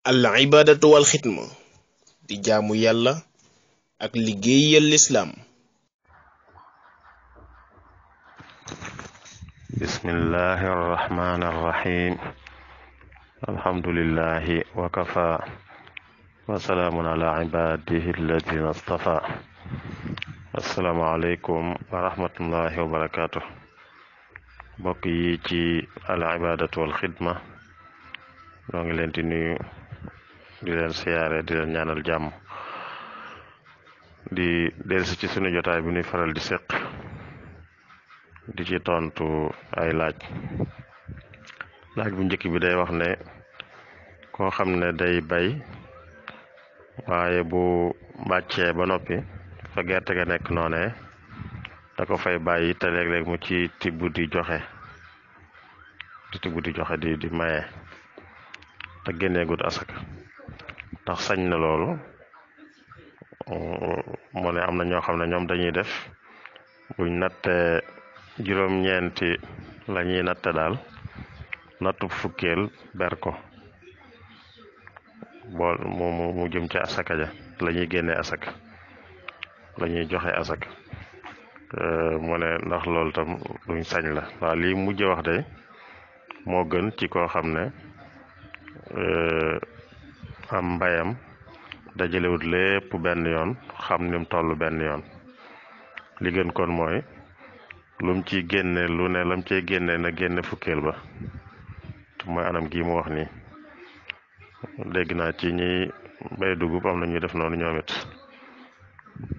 al ibadatu wal xidma di jaamu yàlla ak liggéeyal lislaam bismillahi arrahmani arrahim alhamdulilahi wakafa wasalaamun ala ibadihi alladina astafa assalaamu aleykum wa rahmatullahi wa barakatuh mbokk yi ci al ibadatu wal xidma ñoo ngi leen di nuyu di leen siyaare di leen ñaanal jàmm di delsi ci sunu jotaay bi ñuy faral di seq di ci tontu ay laaj laaj bu njëkk bi day wax ne koo xam ne day bay waaye bu bàccee ba noppi fa gerte ga nekk noonee da ko fay bàyyi te léeg-léeg mu ci tibb di joxe di tibb di joxe di di maye te gut asaka ndax sañ na loolu mm, mu ne am na ñoo xam ne ñoom dañuy def buñ nattee juróom-ñeenti la ñuy natte daal nattu fukkeel berko ko bool jëm ca asaka ja la ñuy génnee asaka la joxe asaka euh, mu ne ndax loolu tam luñ sañ la waaw lii mujj wax de moo gën ci koo xam ne euh, am mbayam dajalewut lépp benn yoon xam ni mu toll benn yoon li gën kon mooy lum ci ciy lu ne lam cee génne na génne fukkeel ba te mooy anam gii mu wax ni dégg naa ci ñiy bay dugub am na ñuy def noonu ñoom it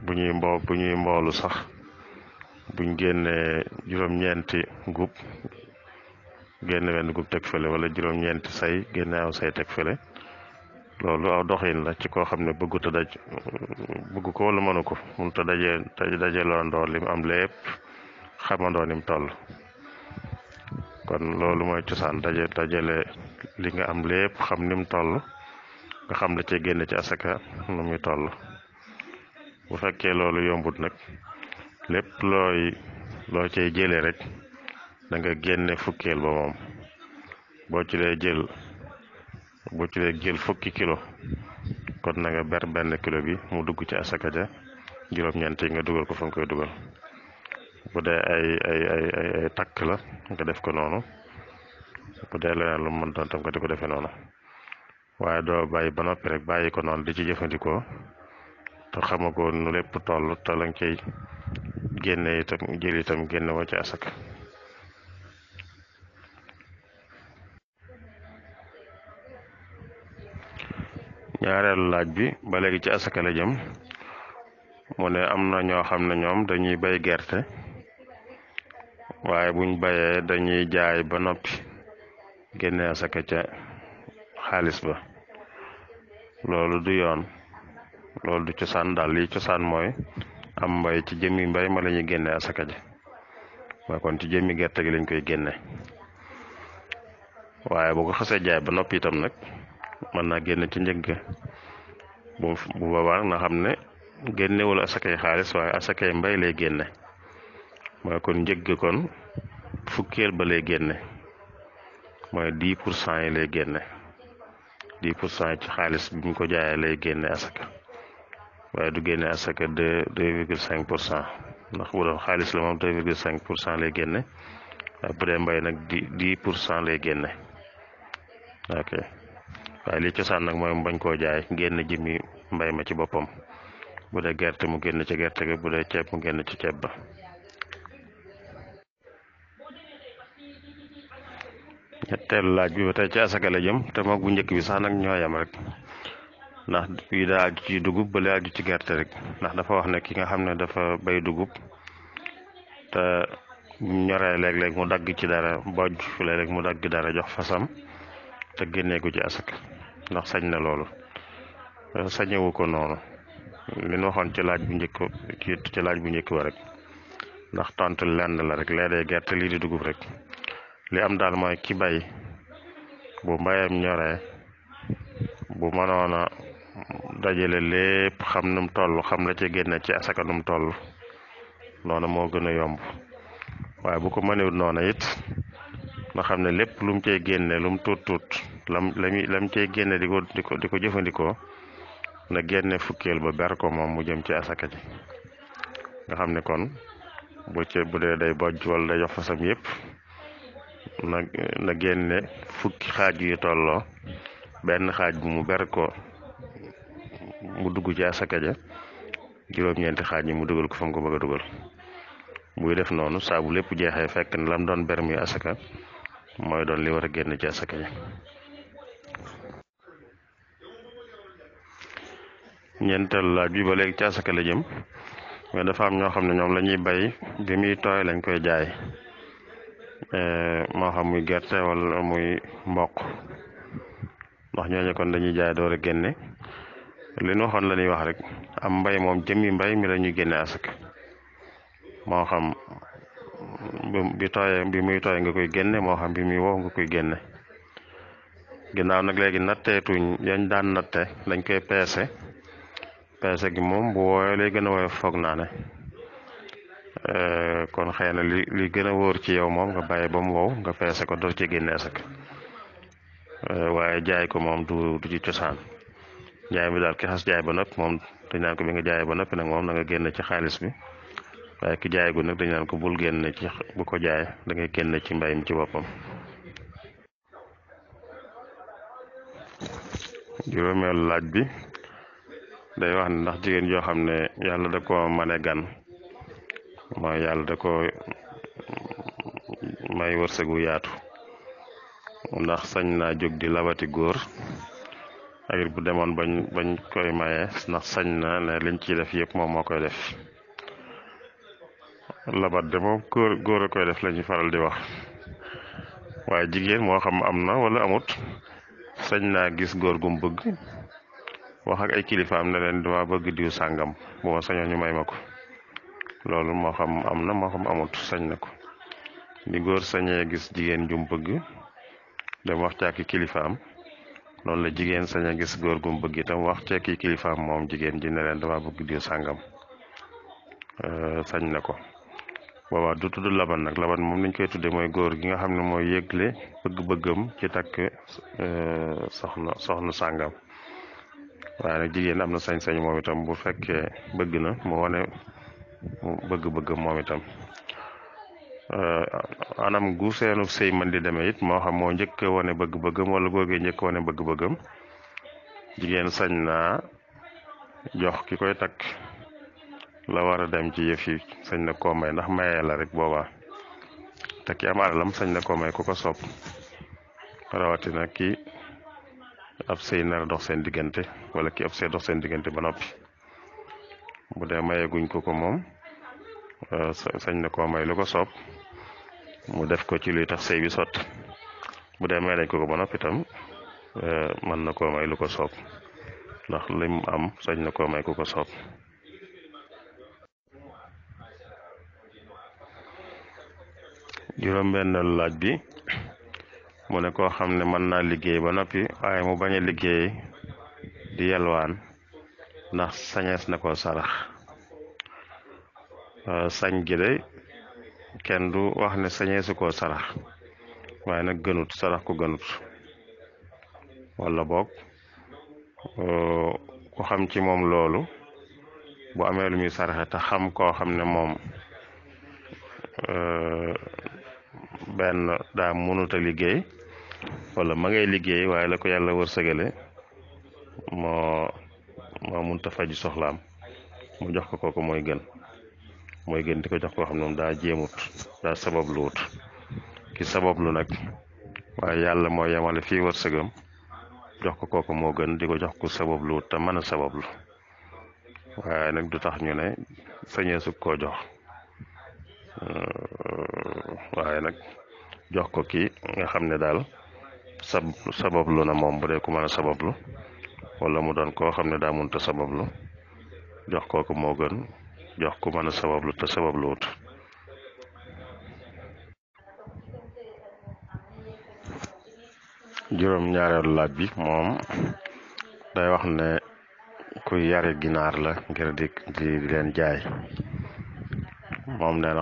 bu ñuy mboo bu mboolu sax buñ génnee juróom-ñeenti gub génne wenn gub teg fële wala juróom-ñeenti say génne aw say teg fële loolu aw doxin la ci koo xam ne bëggu ta daj bëggu ko wala mënu ko mënut a dajee daje loondoor li mu am lépp xamandoo ni mu toll kon loolu mooy cosaan daje dajale li nga am lépp xam ni mu nga xam la cee génn ci asaka nu muy toll bu fekkee loolu yombut nag lépp looy loo cay jële rek da nga génne fukkeel ba moom boo ci lay jël boo ci dee jël fukki kilo kon na nga ber benn kilo bi mu dugg ci asaka ja juróom-ñeent nga dugal ko fa nga koy dugal bu dee ay ay ay takk la nga def ko noonu bu dee leneen lu mu mën doon tam nga di ko defee noonu waaye doo bàyyi ba noppi rek bàyyi ko noonu di ci jëfandikoo te xamagoo nu lépp toll te la nga cay génne itam jël itam génne wa ci asaka ñaareelu laaj bi ba léegi ci asaka la jëm mu ne am na ñoo xam ne ñoom dañuy bay gerte waaye buñ bayee dañuy jaay ba noppi génne asaka xaalis ba loolu du yoon loolu du cosaan daal cosaan mooy am mbay ci jëmmi mbay ma la ñuy génne asaka ja kon ci jëmmi gerte gi lañ koy génne waaye bu ko xasee jaay ba noppi itam nag mën naa génn ci njëg ga bu bu na xam ne génnewul asakay xaalis waaye asakay mbay lay génne mooy kon njëg kon fukkeel ba lay génne mooy dix pour cent yi lay génne dix pour cent yi xaalis bi ko jaayee lay génne asaka waaye du génne asaka deux deux virgule cinq pour cent ndax bu doon xaalis la moom deux virgule cinq pour cent lay génne bu mbay nag dix pour cent lay génne waaye li cosaan nag mooy mu bañ koo jaay génn ji mi mbay ma ci boppam bu dee gerte mu génn ci gerte ga bu dee ceeb mu génn ca ceeb ba ñetteel laaj bi ba tey ci asaka la jëm te moog bu njëkk bi sax nag ñoo yem rek ndax fii daa aju ci dugub ba lee aju ci gerte rek ndax dafa wax ne ki nga xam ne dafa bay dugub te ñoree léeg-léeg mu dagg ci dara bojj léeg-léeg mu dagg dara jox fasam te génnee ko ci asaka ndax sañ na loolu euh, sañewu ko noonu li ñu waxoon ci laaj bu njëkk ci ci laaj bu njëkk ba rek ndax tontu lenn la rek la dee gerte lii di dugub rek li am daal mooy ki bay bu mbayam ñoree bu mënoon a dajale lépp xam nu mu xam la ci génne ci asaka nu mu toll noonu moo gën a yomb waaye bu ko mënewut noonu it nga xam ne lépp lu mu cey génne lu mu tuut tuut lam lamu la mu génne di ko di ko di ko jëfandikoo na génne fukkeel ba ber ko moom mu jëm ci asaka ji nga xam ne kon boo ci bu dee day bojj wala day jox fasam yëpp na na génne fukki xaaj yu benn xaaj bu mu ber ko mu dugg ci asaka ja juróom-ñeenti xaaj yi mu dugal ko fa mu ko bëgg a dugal buy def noonu saabu lépp jeexee fekk na lam doon ber muy asaka mooy doon li war a génn ci asaka yi ñeenteel laaj bi ba léegi ci la jëm mais dafa am ñoo xam ne ñoom lañuy bay bi muy tooy lañ koy jaay eh, moo xam muy gerte wala muy mboq ndax ñooñu kon lañuy jaay door a génne li ñu waxoon la wax rek am mbay moom jëmi mbay mi la ñuy génne asaka moo xam bi tooyee bi muy tooy nga koy génne moo xam bi muy wow nga koy génne ginnaaw nag léegi natteetuñ yañ daan natte dañ koy peese peese gi moom bu woowee lay gën a foog naa ne euh, kon xëy na li li gën a wóor ci yow moom nga bàyyi ba mu wow nga peese ko door ci génnee sak euh, waaye jaay ko moom du du ci cosaan jaay bi daal ki xas jaay ba noppi moom dañ naan ko bi nga jaay ba noppi nag moom na nga génn ci xaalis bi waaye ki jaayagul nag dañu naan ko bul génn ci bu ko jaay da ngay génn ci mbay ci boppam. juróomeelu laaj bi day wax ne ndax jigéen joo xam ne yàlla da ko mane gan mooy yàlla da ko may wërsëgu yaatu ndax sañ naa jóg di labati góor ak bu demoon bañ bañ koy maye ndax sañ na ne liñ ciy def yëpp moom moo koy def labat de moom góor góor koy def la ñuy faral di wax waaye jigéen moo xam am na wala amut sañ naa gis góor gum bëgg wax ak ay kilifaam ne leen dama bëgg sàngam bu may ma ko loolu moo xam am na sañ na ko ni góor sañee gis jigéen jum bëgg dem wax ci ak kilifaam noonu la jigéen sañ gis góor gum bëgg wax ci ak moom jigéen ji ne leen dama bëgg diw sàngam euh, sañ na ko boobaa du tudd laban nag laban moom lañ koy tuddee mooy góor gi nga xam ne mooy yëgle bëgg-bëggam ci takk euh, soxna soxna sàngam waaye nag jigéen am na sañ-sañ moom itam bu fekkee bëgg na mu wane mu bëgg-bëggam moom itam euh, anam gu seenu sëy man di demee it moo xam moo njëkk wane bëgg-bëggam wala góorgee njëkk wane bëgg-bëggam jigéen sañ na jox ki koy takk la war a dem ci yëf yi sañ na koo may ndax mayee la rek boobaa te ki am alalam sañ na koo may ku ko sopp rawatina ki ab sëy na dox seen diggante wala ki ab sëy dox seen diggante ba noppi bu dee mayee guñ ko ko moom euh, sañ na koo may lu ko sopp mu def ko ci luy tax bi sott bu dee may lañ ko ba noppi itam euh, mën na koo may lu ko sopp ndax lim am sañ na koo may ku ko sopp juróom-benneelu laaj bi mu ne koo xam ne mën naa liggéey ba noppi waaye mu baña liggéey di yelwaan ndax sañees na ko sarax euh, sañ gi de kenn du wax ne sañeesu koo sarax waaye nag gënut sarax ko gënut wala boog euh, ku xam ci moom loolu bu amee lu muy saraxe te xam koo xam ne moom euh, benn daa mënut a liggéey wala ma ngay liggéey waaye la ko yàlla wërsëgale moo moo mënut a faj soxlaam mu jox ko kooku mooy gën mooy gën di ko jox koo xam ne moom daa jéemut daa sabab lu ki sabab lu nag waaye yàlla moo yemale fii wërsëgam jox ko kooku moo gën di ko jox ko sabab lu ta te mën a sabab lu nag du tax ñu ne sañeesu koo jox waaye nag jox ko ki nga xam ne daal sab sabablu na moom bu dee ku mën a wala mu doon koo xam ne daa munta sabablu jox kooku moo gën jox ku mën a sabablu te sabablu wut juróom ñaareelu laaj bi moom day wax ne kuy yare ginaar la ngir di di leen jaay moom nee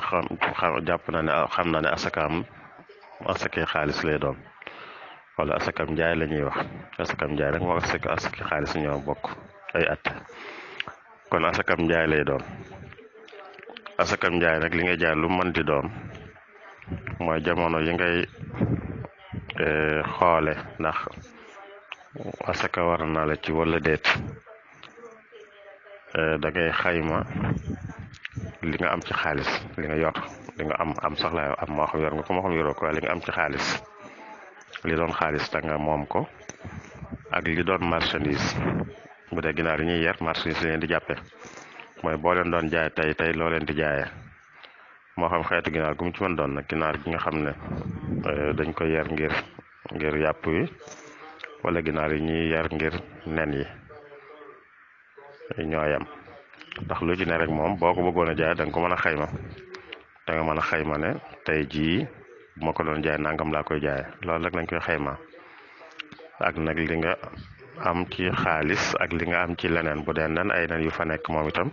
xam jàpp na ne xam na ne asakaam asakee xaalis lay doon wala asakam njaay la ñuy wax asakam njaay rek moo asaka asaki xaalis ñoo bokk ay kon asakam njaay lay doon asakam njaay nag li ngay jaay lu mën di doon mooy jamono yi ngay eh, xoole ndax asaka war na la ci wala déet eh, da ngay xayma li nga am ci xaalis li nga yor li nga am am sax la am moo xam yor nga ko moo xam ko waaye li nga am ci xaalis li doon xaalis te nga moom ko ak li doon marchandise bu dee ginaar yi ñuy yer marchandise li leen di jàppe mooy boo leen doon jaay tey tey loo leen di jaayee moo xam xeetu ginaar gu ci mën doon nag ginaar gi nga xam ne euh, dañ koy yer ngir ngir yàpp yi wala ginaar yi ñuy yer ngir nen yi ñooyam ndax lu ci ne rek moom boo ko bëggoon a jaay danga nga ko mën a xayma da nga mën a xayma ne tey jii bu ko doon jaay nangam laa koy jaay loolu rek lañ koy xayma ak nag li nga am ci xaalis ak li nga am ci leneen bu dee nen ay nen yu fa nekk moom itam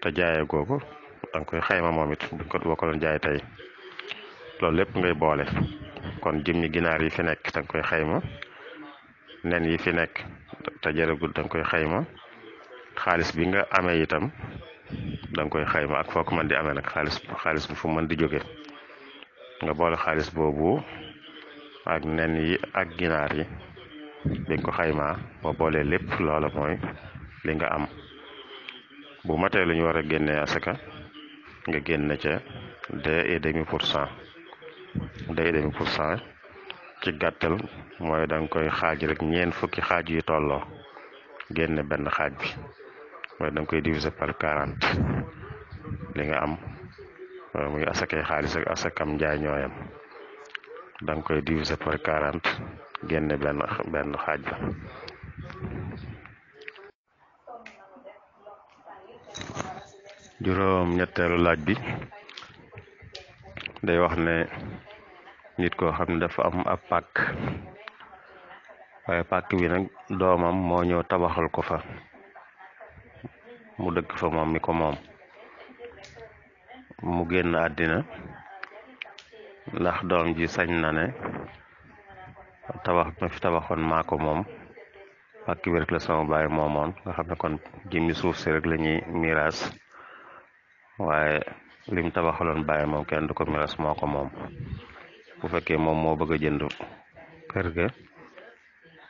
te jaayee googu da nga koy xayma moom it bu ko doon jaay tey loolu lépp ngay boole kon jëmmi ginaar yi fi nekk da nga koy xayma nen yi fi nekk te jërëgul da nga koy xayma. xaalis bi nga amee itam da koy xayma ak foo ko mën amee nag xaalis xaalis bu fu mën di jóge nga boole xaalis boobu ak nen yi ak ginaar yi bi nga ko xaymaa boo boolee lépp loola mooy li nga am bu matee lu ñu war a génnee asaka nga génne ca deux et demi pour cent deux et demi pour cent ci gàttal mooy dang koy xaaj rek ñeent fukki xaaj yi tolloo génne benn xaaj bi mooy da koy diviser par quarante li nga am muy asakay xaalis ak asakam njaay koy diviser par quarante génne benn xaaj ba juróom ñetteelu laaj bi day wax ne nit koo xam ne dafa am ab pàkk waaye pàkk bi nag doomam moo ñëw tabaxal ko fa mu dëkk fa moom mi ko moom mu génn àddina ndax doom ji sañ na ne tabax ma fi tabaxoon maa ko moom sama baay moomoon nga xam ne kon jëmmi suuf si rek la ñuy miraas waaye lim tabaxaloon baay moom kenn du ko miraas moo ko moom bu fekkee moom moo bëgg a jënd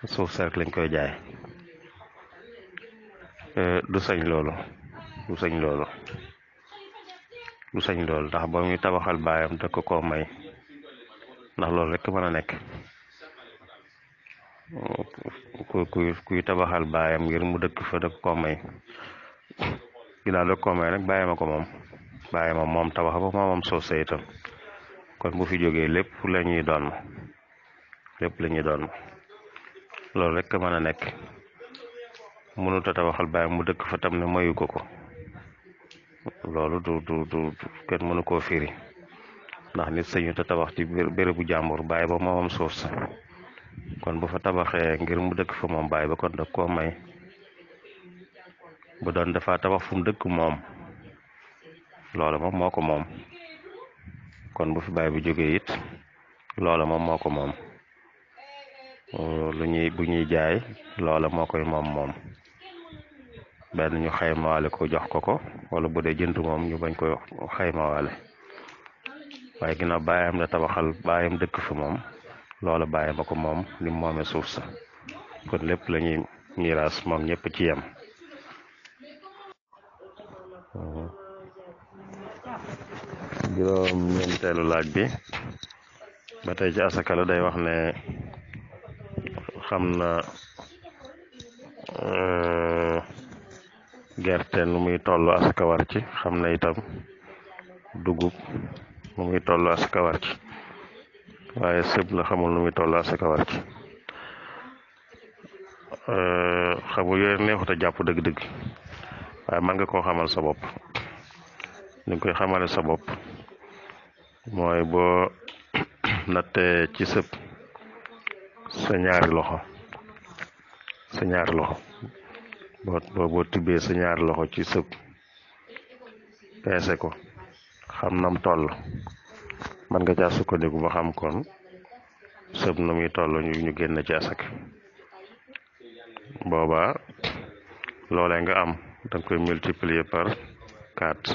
suuf sa rek lañ koy jaay euh, du sañ loolu du sañ loolu du sañ loolu ndax ba mu tabaxal baayam da ko koo may ndax loolu rek mën a nekk ku kuy tabaxal baayam ngir mu dëkk fa da ko koo may ginnaaw da ko may rek bàyyi ma ko moom bàyyi ma moom tabax ba ma moom suuf sa kon bu fi jógee lépp la ñuy doon lépp la ñuy doon loolu rek mën a nekk mënut a tabaxal mu dëkk fa tam ne mayu ko ko loolu du du kenn mënu koo firi ndax nit sañu ta tabax ci bérébu jàmbur baay ba moom am suuf sa kon bu fa tabaxee ngir mu dëkk fa moom bàyyi ba kon da koo may bu doon dafa tabax fu mu dëkk moom loola moom moo moom kon bu fi bàyyi bu jógee it loola moom moo ko moom lu ñuy bu ñuy jaay loola moo koy moom moom benn ñu xaymawaale ko jox ko ko wala bu dee jënd moom ñu bañ koy xaymawaale waaye ginnaaw baayam la tabaxal baayam dëkk fa moom loola baayam a ko moom ni moome suuf sa kon lépp lañuy ñuy miraas moom ñëpp ci yem juróom ñeenteelu laaj bi ba tey ci asaka la day wax ne xam na eh, gerte nu muy toll askawar ci xam na itam dugub nu muy toll askawar ci waaye sëb la xamul nu muy toll askawar ci eh, xamu yooyu neexut a jàpp dëgg-dëgg waaye mën nga koo xamal sa bopp ni koy xamale sa bopp mooy boo nattee ci sëb sa ñaari loxo sa ñaari loxo boo boo tibbee sa ñaari loxo ci sëb peese ko xam nam toll man nga caa sukkandiku ba xam kon sëb na muy toll ñu ñu génn ci asak booba loole nga am danga koy multiplier par quatre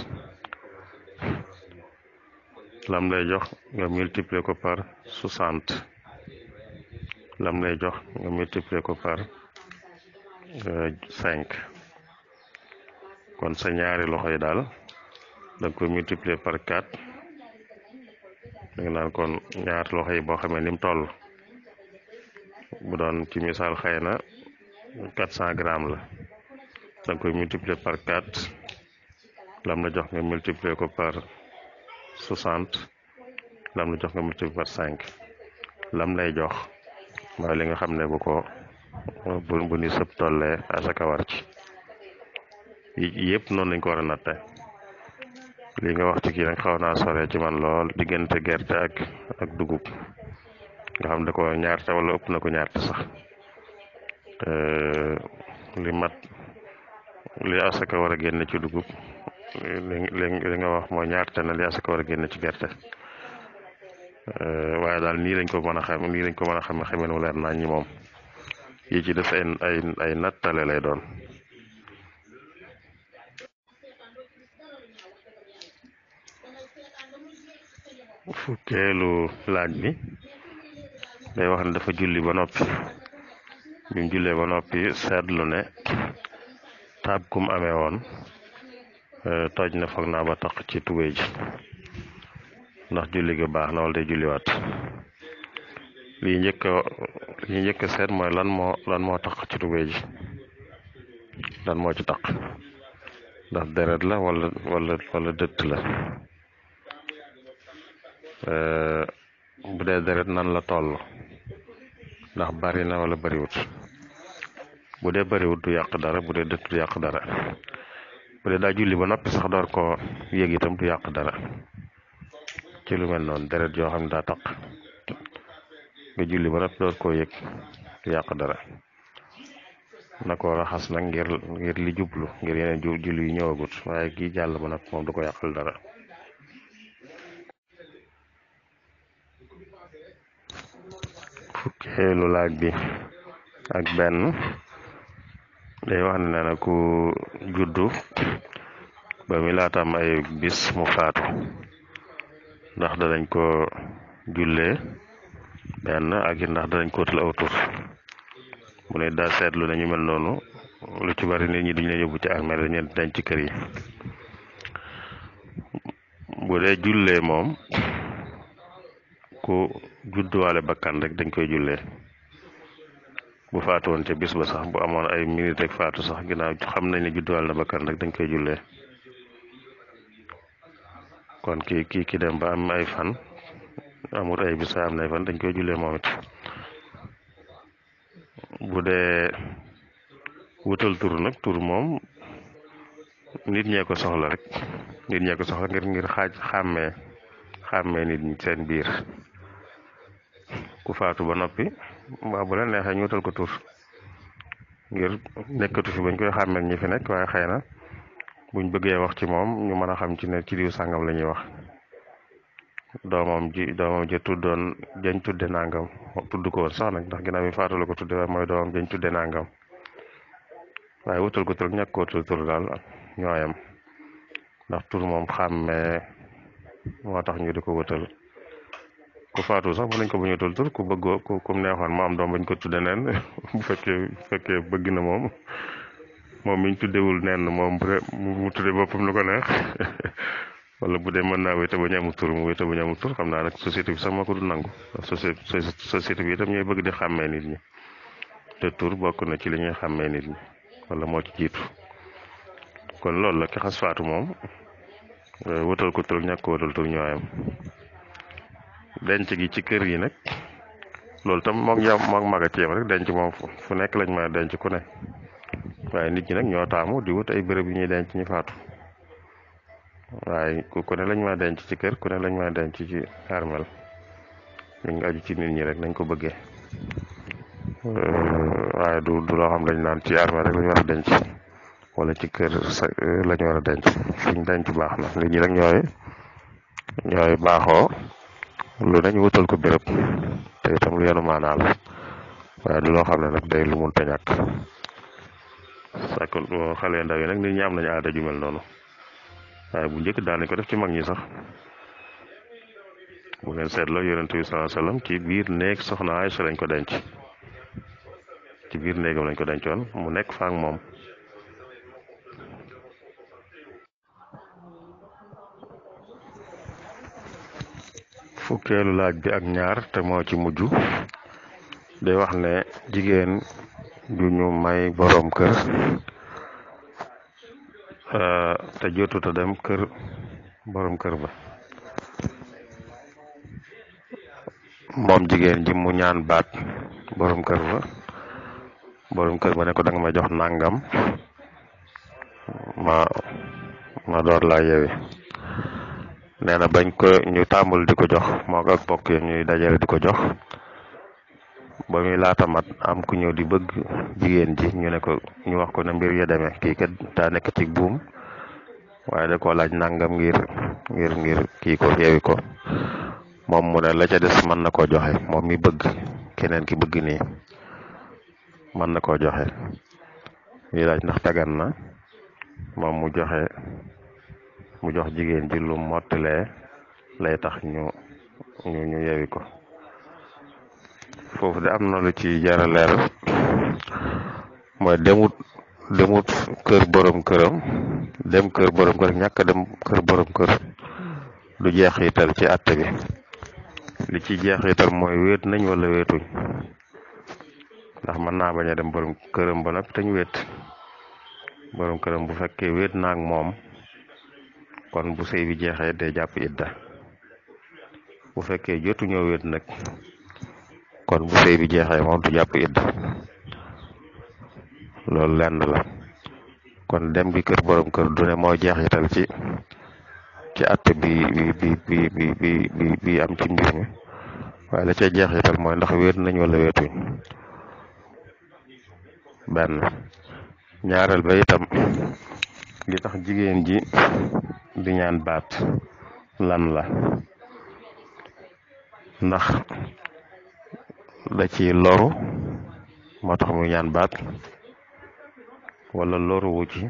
lam lay jox nga multiplier ko par soixante lam lay jox nga multiplier ko par euh, cinq kon sa ñaari loxo yi daal da nga koy multiplier par quatre da nga naan kon ñaari loxo yi boo xamee ni mu toll bu doon ci misaal xëy na quatre cent grammes la da nga koy multiplier par quatre lam la jox nga multiplier ko par soixante lam jox nga multiplier par cinq lam lay jox mooy li nga xam ne bu ko bu bu ni sëb tollee war ci yëpp noonu lañ ko war a natte li nga wax ci kii nag xaw naa sore ci man lool diggante gerte ak ak dugub nga xam ne ko ñaarte wala ëpp na ko ñaarte sax li mat li asaka war a génn ci dugub li nga wax mooy ñaarte na li asaka war a génn ci gerte Euh, waaye daal nii lañ ko mën a xam nii lañ ko mën a xam xamee mu nañ ñi moom yi ci def ay ay nattale lay doon fukelu laaj bi day wax ne dafa julli ba noppi bi mu ba noppi seetlu ne taab kum amee woon euh, toj na naa ba tax ci tubéy ji ndax julli gi baax na wala day julliwaat lii njëkk a njëkk a seet mooy lan moo lan moo taq ci tubéy lan moo ci taq ndax deret la wala wala wala dëtt la bu dee deret nan la toll ndax bari na wala bariwut bu dee bariwut du yàq dara bu dee dëtt du yàq dara bu daa juli ba noppi sax door ko yëg tu du yàq dara ci lu mel noonu deret yoo xam ne daa taq nga julli ba noppi door dara na ko raxas nag ngir ngir li jublu ngir yeneen julli yu ñëwagut waaye kii jàll ba noppi moom du ko yàqal dara fukkeelu laaj bi ak benn day wax ne na ku juddu ba mi laatam ay bis mu faatu ndax danañ ko jullee benn ak it ndax danañ ko wutal aw tur ne daa seetlu ne ñu mel noonu lu ci bari nit ñi duñ la yóbbu ci armeel dañ leen ci kër yi bu dee jullee moom ku judduwaale bakkan rek dañ koy jullee bu faatu woon ca bis ba sax bu amoon ay minute rek faatu sax ginnaaw xam nañ ne judduwaale na bakkan rek dañ koy jullee kon kii kii ki dem ba am ay fan amut ay bis am nay fan dañ koy jullee moom it bu dee wutal tur nag tur moom nit ñee ko soxla rek nit ñee ko soxla ngir ngir xaaj xàmmee xàmmee nit seen biir ku faatu ba noppi waa bu la neexee ñu wutal ko tur ngir nekkatu bañ koy xàmmee ñi fi nekk waaye xëy na buñ bëggee wax ci moom ñu mën a xam ci ne ci diw sàngam la ñuy wax doomam ji doomam ji tuddoon jañ tudde nangam tudd ko sax nag ndax ginnaaw bi faatu la ko tudde waaye mooy doomam jañ tudde nangam waaye wutal ko tur ñàkk ko wutal ndax tur moom xàmmee moo tax ñu di ko wutal ku faatu sax mën nañ ko bañ a wutal tur ku am doom bañ ko tudde neen bu fekkee bu bëgg na moom moom mi ñu tuddewul neen moom mu tudde boppam lu ko neex wala bu dee mën naa wéyte ba ñu amul tur mu wéyte ba ñu amul xam naa nag société bi sax moo ko du nangu société bi itam ñooy bëgg di xàmmee nit ñi te tur na ci li ñuy xàmmee nit wala moo ci jiitu kon loolu la ki xas faatu moom euh, wutal ko tur ñàkk ko wutal tur ñooyam denc gi ci kër yi nag loolu tam moog yow moog mag a ci yam rek denc moom fu nekk lañ ma denc ku ne waaye nit ñi nag ñoo taamu di wut ay bërëb yu ñuy denc ñu faatu waaye ku ne lañ ma denc ci kër ku ne lañ ma denc ci armel ñu ngi ci nit ñi rek nañ ko bëggee waaye du du loo xam dañ naan ci armel rek lañu war a denc wala ci kër sa lañ war a denc fuñ denc baax na nit ñi rek ñooy ñooy baaxoo lu nañ wutal ko béréb te itam lu yenu maanaa waaye du loo xam ne nag day lu mun te ñàkk sàkkal ko euh, xale ndaw yi nag nit ñi am nañu aada ju mel noonu waaye bu njëkk daanañ ko def ci mag ñi sax bu ngeen seetloo yonent bi ci biir néeg soxna Aysa lañ ko denc ci biir néegam lañ ko dencoon mu nekk faak moom fukkeelu laaj bi ak ñaar te moo ci mujj day wax ne jigéen ju ñu may boroom kër te jotuta dem kër boroom kër ba moom jigéen ji mu ñaan baat boroom kër ba boroom kër ba ne ko danga ma jox nangam ma ma door laa yewi nee na bañ ko ñu tàmbul di ko jox moo ko ak bokk yi ñuy dajale di ko jox ba muy laata mat am ku ñëw di bëgg jigéen ji ñu ne ko ñu wax ko na mbir ya deme kii kat daa nekk ci buum waaye da koo laaj nangam ngir ngir ngir kii ko yeewi ko moom mu ne la ca des mën na koo joxe moom mi bëgg keneen ki bëgg nii mën na koo joxe ñuy laaj ndax dagan na moom mu joxe mu jox jigéen ji lu mottalee lay tax ñu ñu ñu ko foofu de am na lu ci jara leeral mooy demut demut kër borom këram dem kër borom kër ñàkk dem kër borom kër du ci àtte bi li jeex jeexital mooy wéet nañ wala wéetuñ ndax mën naa bañ a dem borom këram ba noppi tañ wéet borom këram bu fekkee wéet naa moom kon bu sëy bi jeexee day jàpp da bu fekkee jotu ñoo wéet nag kon bu sëy bi jeexee moom du jàpp idda loolu lenn la kon dem gi kër borom kër du ne moo jeexital ci ci att bi bi bi bi bi am ci mbir mi waaye la ca jeexital mooy ndax wéet nañ wala wéetuñ benn ñaareel ba itam li tax jigéen ji di ñaan baat lan la ndax da ci loru moo tax muy ñaan baat wala loru wu ci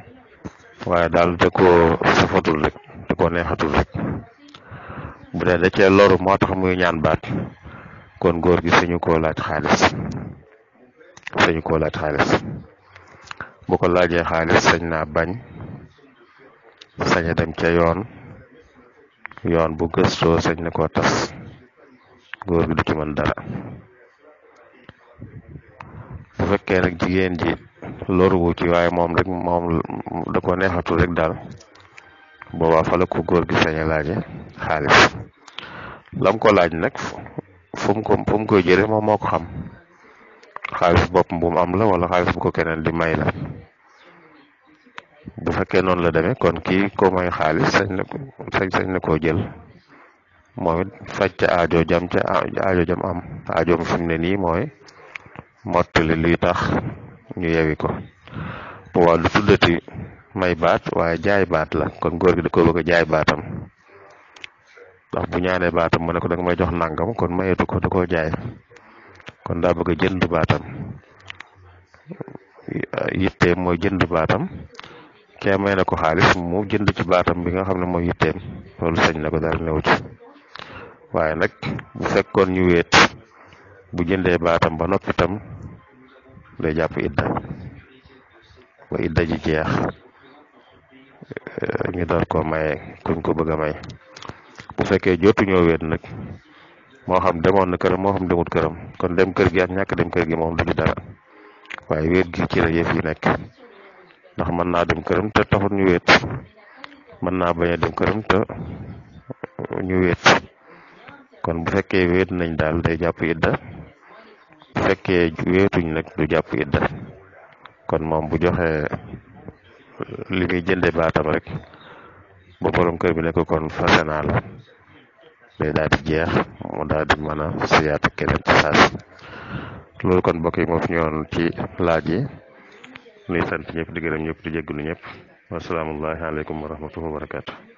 waaye daal da koo safatul rek da koo neexatul rek bu dee da cee loru moo tax muy ñaan baat kon góor gi suñu koo laaj xaalis suñu koo laaj xaalis bu ko laajee xaalis sañ naa bañ sañ a dem ca yoon yoon bu gëstoo sañ na koo tas góor gi du dara bu fekkee nag jigéen ji loruwu ci waaye moom rek moom da ko neexatul rek daal boobaa fa la ko góor gi sañ a laaje xaalis lam ko laaj nag fu mu ko koy jëre moom moo ko xam xaalis bopp bu mu am la wala xaalis bu ko keneen di may la bu fekkee noonu la deme kon kii ko may xaalis sañ na sañ sañ na koo jël moom it faj jam ca jam am aajoom fi mu ne nii mooy mottali luy tax ñu yewi ko boobaa du tuddati may baat waaye jaay baat la kon góor gi da ko bëgg a jaay baatam ndax bu ñaanee baatam mu ne ko da nga may jox nangam kon mayetu ko da koo jaay kon daa bëgg a jënd baatam yitteem mooy jënd baatam kee may na ko xaalis mu jënd ci baatam bi nga xam ne mooy yitteem loolu sañ na ko dara newu ci waaye nag bu fekkoon ñu weet bu jëndee baatam ba noppi day jàpp idda ba idda ji jeex eh, ñu door ko maye kuñ ko bëgg a may bu fekkee jotu ñoo wéet nag moo xam demoon na këram moo xam demut këram kon dem kër gi ak ñàkk dem kër gi moom du ci dara waaye wéet gi ci la yëf nekk ndax mën naa dem këram te taxut ñu wéet mën naa bañ a dem këram te eh, ñu wéet kon bu fekkee wéet nañ daal day jàpp da fekkee weetuñ nag du jàpp idda kon moom bu joxe euh, li muy jënde baatam rek ba borom kër bi nekk kon fase naa la day daal jeex mu daal di mën a siyaat keneen ci saas loolu kon mbokk yi moo fi ci laaj yi nuy sant ñëpp di gërëm ñëpp di jéggalu ñëpp wasalaamullahi aleykum wa rahmatullahi wa